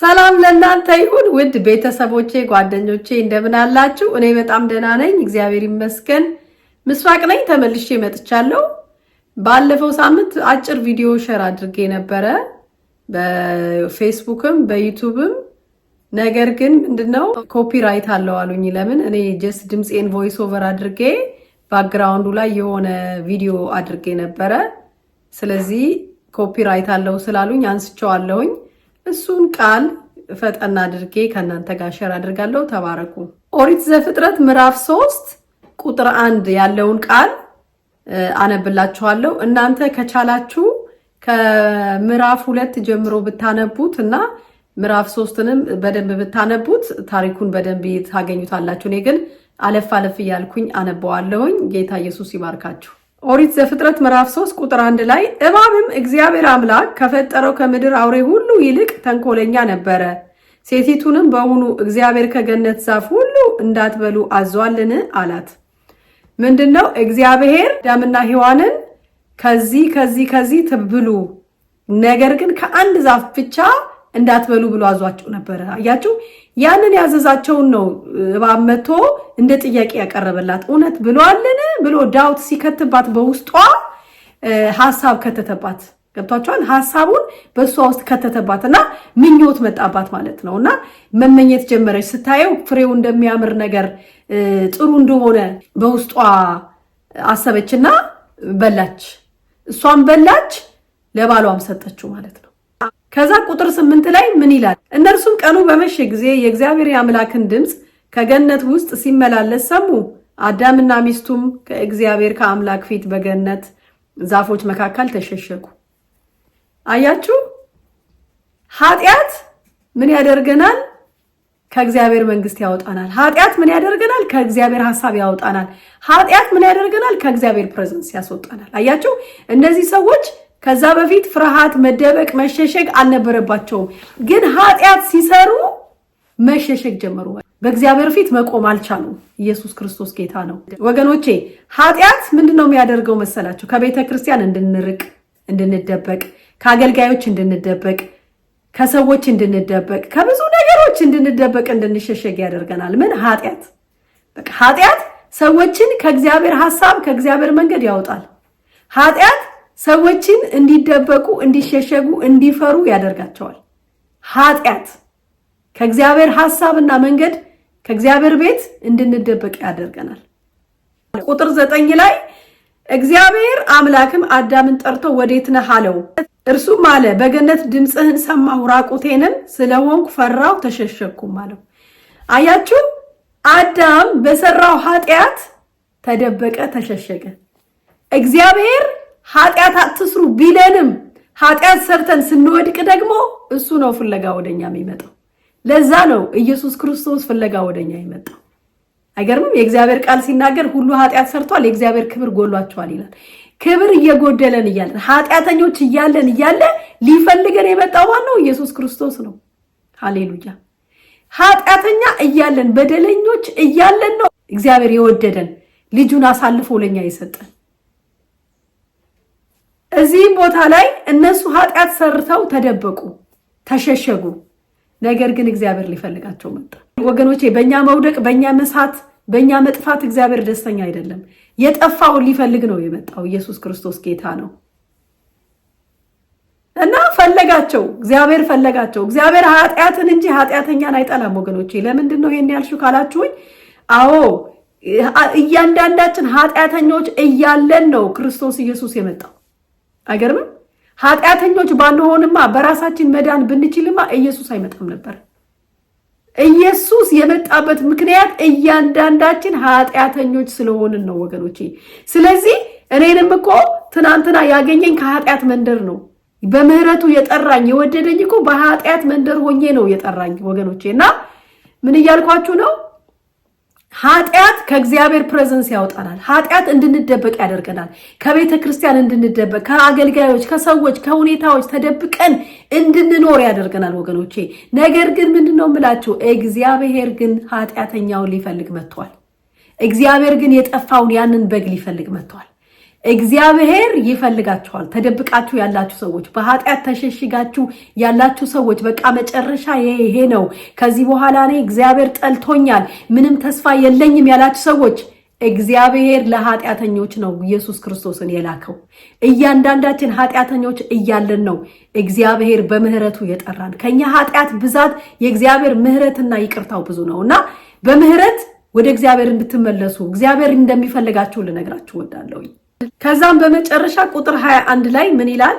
ሰላም ለእናንተ ይሁን ውድ ቤተሰቦቼ፣ ጓደኞቼ እንደምን አላችሁ? እኔ በጣም ደህና ነኝ፣ እግዚአብሔር ይመስገን። ምስራቅ ነኝ፣ ተመልሼ መጥቻለሁ። ባለፈው ሳምንት አጭር ቪዲዮ ሸር አድርጌ ነበረ በፌስቡክም በዩቱብም። ነገር ግን ምንድነው ኮፒራይት አለው አሉኝ። ለምን እኔ ጀስት ድምፄን ቮይስ ኦቨር አድርጌ ባክግራውንዱ ላይ የሆነ ቪዲዮ አድርጌ ነበረ። ስለዚህ ኮፒራይት አለው ስላሉኝ አንስቸዋለሁኝ። እሱን ቃል ፈጠና አድርጌ ከእናንተ ጋር ሸር አድርጋለሁ። ተባረኩ። ኦሪት ዘፍጥረት ምዕራፍ ሶስት ቁጥር አንድ ያለውን ቃል አነብላችኋለሁ። እናንተ ከቻላችሁ ከምዕራፍ ሁለት ጀምሮ ብታነቡት እና ምዕራፍ ሶስትንም በደንብ ብታነቡት ታሪኩን በደንብ ታገኙታላችሁ። እኔ ግን አለፍ አለፍ እያልኩኝ አነበዋለሁኝ። ጌታ ኢየሱስ ይባርካችሁ። ኦሪት ዘፍጥረት ምዕራፍ 3 ቁጥር 1 ላይ እባብም እግዚአብሔር አምላክ ከፈጠረው ከምድር አውሬ ሁሉ ይልቅ ተንኮለኛ ነበረ፣ ሴቲቱንም በውኑ እግዚአብሔር ከገነት ዛፍ ሁሉ እንዳትበሉ አዟልን አላት። ምንድነው? እግዚአብሔር አዳምና ሔዋንን ከዚህ ከዚህ ከዚህ ትብሉ፣ ነገር ግን ከአንድ ዛፍ ብቻ እንዳትበሉ ብሎ አዟቸው ነበረ። አያችሁ፣ ያንን ያዘዛቸውን ነው እባብ መጥቶ እንደ ጥያቄ ያቀረበላት። እውነት ብሏልን ብሎ ዳውት ሲከትባት በውስጧ ሀሳብ ከተተባት። ገብቷቸዋል። ሀሳቡን በእሷ ውስጥ ከተተባት እና ምኞት መጣባት ማለት ነው። እና መመኘት ጀመረች። ስታየው ፍሬው እንደሚያምር ነገር ጥሩ እንደሆነ በውስጧ አሰበችና በላች። እሷም በላች፣ ለባሏም ሰጠችው ማለት ነው። ከዛ ቁጥር ስምንት ላይ ምን ይላል? እነርሱም ቀኑ በመሸ ጊዜ የእግዚአብሔር አምላክን ድምፅ ከገነት ውስጥ ሲመላለስ ሰሙ። አዳምና ሚስቱም ከእግዚአብሔር ከአምላክ ፊት በገነት ዛፎች መካከል ተሸሸጉ። አያችሁ፣ ኃጢአት ምን ያደርገናል? ከእግዚአብሔር መንግስት ያወጣናል። ኃጢአት ምን ያደርገናል? ከእግዚአብሔር ሀሳብ ያወጣናል። ኃጢአት ምን ያደርገናል? ከእግዚአብሔር ፕሬዘንስ ያስወጣናል። አያችሁ፣ እነዚህ ሰዎች ከዛ በፊት ፍርሃት፣ መደበቅ፣ መሸሸግ አልነበረባቸውም። ግን ኃጢአት ሲሰሩ መሸሸግ ጀመሩ። በእግዚአብሔር ፊት መቆም አልቻሉም። ኢየሱስ ክርስቶስ ጌታ ነው። ወገኖቼ ኃጢአት ምንድን ነው የሚያደርገው መሰላችሁ? ከቤተ ክርስቲያን እንድንርቅ፣ እንድንደበቅ፣ ከአገልጋዮች እንድንደበቅ፣ ከሰዎች እንድንደበቅ፣ ከብዙ ነገሮች እንድንደበቅ፣ እንድንሸሸግ ያደርገናል። ምን ኃጢአት? በቃ ኃጢአት ሰዎችን ከእግዚአብሔር ሀሳብ ከእግዚአብሔር መንገድ ያወጣል። ኃጢአት ሰዎችን እንዲደበቁ፣ እንዲሸሸጉ፣ እንዲፈሩ ያደርጋቸዋል። ኃጢአት ከእግዚአብሔር ሀሳብና መንገድ ከእግዚአብሔር ቤት እንድንደበቅ ያደርገናል። ቁጥር ዘጠኝ ላይ እግዚአብሔር አምላክም አዳምን ጠርቶ ወዴት ነህ አለው። እርሱም አለ በገነት ድምፅህን ሰማሁ፣ ራቁቴንም ስለሆንኩ ፈራሁ፣ ተሸሸኩም አለው። አያችሁ አዳም በሰራው ኃጢአት ተደበቀ፣ ተሸሸገ። እግዚአብሔር ኃጢአት አትስሩ ቢለንም ኃጢአት ሰርተን ስንወድቅ ደግሞ እሱ ነው ፍለጋ ወደኛ የሚመጣው። ለዛ ነው ኢየሱስ ክርስቶስ ፍለጋ ወደኛ የመጣው። አይገርምም? የእግዚአብሔር ቃል ሲናገር ሁሉ ኃጢአት ሰርቷል፣ የእግዚአብሔር ክብር ጎሏቸዋል ይላል። ክብር እየጎደለን እያለን ኃጢአተኞች እያለን እያለ ሊፈልገን የመጣው ዋናው ኢየሱስ ክርስቶስ ነው። ሃሌሉያ። ኃጢአተኛ እያለን በደለኞች እያለን ነው እግዚአብሔር የወደደን ልጁን አሳልፎ ለኛ የሰጠን። እዚህም ቦታ ላይ እነሱ ኃጢአት ሰርተው ተደበቁ፣ ተሸሸጉ። ነገር ግን እግዚአብሔር ሊፈልጋቸው መጣ። ወገኖቼ በእኛ መውደቅ፣ በእኛ መሳት፣ በእኛ መጥፋት እግዚአብሔር ደስተኛ አይደለም። የጠፋውን ሊፈልግ ነው የመጣው። ኢየሱስ ክርስቶስ ጌታ ነው እና ፈለጋቸው። እግዚአብሔር ፈለጋቸው። እግዚአብሔር ኃጢአትን እንጂ ኃጢአተኛን አይጠላም። ወገኖቼ ለምንድን ነው ይሄን ያልሹ ካላችሁኝ፣ አዎ እያንዳንዳችን ኃጢአተኞች እያለን ነው ክርስቶስ ኢየሱስ የመጣው አይገርምም? ኃጢአተኞች ባንሆንማ በራሳችን መዳን ብንችልማ ኢየሱስ አይመጣም ነበር። ኢየሱስ የመጣበት ምክንያት እያንዳንዳችን ኃጢአተኞች ስለሆንን ነው ወገኖቼ። ስለዚህ እኔንም እኮ ትናንትና ያገኘኝ ከኃጢአት መንደር ነው። በምህረቱ የጠራኝ የወደደኝ እኮ በኃጢአት መንደር ሆኜ ነው የጠራኝ ወገኖቼ። እና ምን እያልኳችሁ ነው? ኃጢአት ከእግዚአብሔር ፕሬዘንስ ያወጣናል። ኃጢአት እንድንደበቅ ያደርገናል። ከቤተ ክርስቲያን እንድንደበቅ፣ ከአገልጋዮች፣ ከሰዎች፣ ከሁኔታዎች ተደብቀን እንድንኖር ያደርገናል ወገኖቼ። ነገር ግን ምንድን ነው የምላችሁ? እግዚአብሔር ግን ኃጢአተኛውን ሊፈልግ መጥቷል። እግዚአብሔር ግን የጠፋውን ያንን በግ ሊፈልግ መጥቷል። እግዚአብሔር ይፈልጋችኋል። ተደብቃችሁ ያላችሁ ሰዎች፣ በኃጢአት ተሸሽጋችሁ ያላችሁ ሰዎች በቃ መጨረሻ ይሄ ነው፣ ከዚህ በኋላ እኔ እግዚአብሔር ጠልቶኛል፣ ምንም ተስፋ የለኝም ያላችሁ ሰዎች እግዚአብሔር ለኃጢአተኞች ነው ኢየሱስ ክርስቶስን የላከው። እያንዳንዳችን ኃጢአተኞች እያለን ነው እግዚአብሔር በምህረቱ የጠራን። ከኛ ኃጢአት ብዛት የእግዚአብሔር ምህረትና ይቅርታው ብዙ ነው እና በምህረት ወደ እግዚአብሔር እንድትመለሱ እግዚአብሔር እንደሚፈልጋችሁ ልነግራችሁ እወዳለሁ። ከዛም በመጨረሻ ቁጥር 21 ላይ ምን ይላል?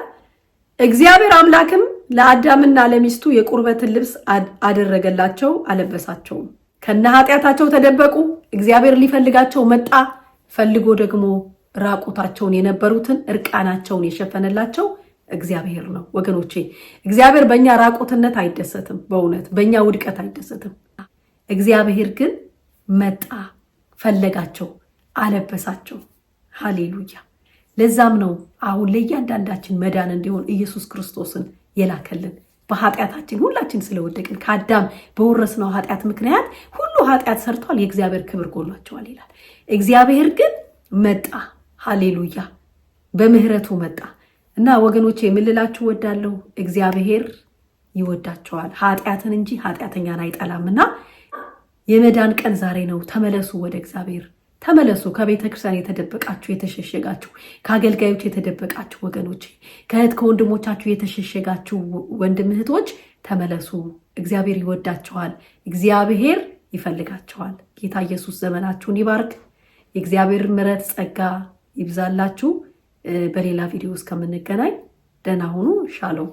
እግዚአብሔር አምላክም ለአዳምና ለሚስቱ የቁርበትን ልብስ አደረገላቸው፣ አለበሳቸውም። ከነ ኃጢአታቸው ተደበቁ። እግዚአብሔር ሊፈልጋቸው መጣ። ፈልጎ ደግሞ ራቁታቸውን የነበሩትን እርቃናቸውን የሸፈነላቸው እግዚአብሔር ነው። ወገኖቼ እግዚአብሔር በእኛ ራቁትነት አይደሰትም። በእውነት በእኛ ውድቀት አይደሰትም። እግዚአብሔር ግን መጣ፣ ፈለጋቸው፣ አለበሳቸው። ሃሌሉያ። ለዛም ነው አሁን ለእያንዳንዳችን መዳን እንዲሆን ኢየሱስ ክርስቶስን የላከልን። በኃጢአታችን ሁላችን ስለወደቅን ከአዳም በወረስነው ኃጢአት ምክንያት ሁሉ ኃጢአት ሰርቷል፣ የእግዚአብሔር ክብር ጎሏቸዋል ይላል። እግዚአብሔር ግን መጣ፣ ሃሌሉያ፣ በምህረቱ መጣ እና ወገኖቼ የምልላችሁ ወዳለሁ እግዚአብሔር ይወዳቸዋል ኃጢአትን እንጂ ኃጢአተኛን አይጠላምና። የመዳን ቀን ዛሬ ነው። ተመለሱ ወደ እግዚአብሔር። ተመለሱ። ከቤተ ክርስቲያን የተደበቃችሁ የተሸሸጋችሁ፣ ከአገልጋዮች የተደበቃችሁ ወገኖች፣ ከእህት ከወንድሞቻችሁ የተሸሸጋችሁ ወንድም እህቶች ተመለሱ። እግዚአብሔር ይወዳችኋል። እግዚአብሔር ይፈልጋችኋል። ጌታ ኢየሱስ ዘመናችሁን ይባርክ። የእግዚአብሔር ምሕረት ጸጋ ይብዛላችሁ። በሌላ ቪዲዮ እስከምንገናኝ ደህና ሁኑ። ሻሎም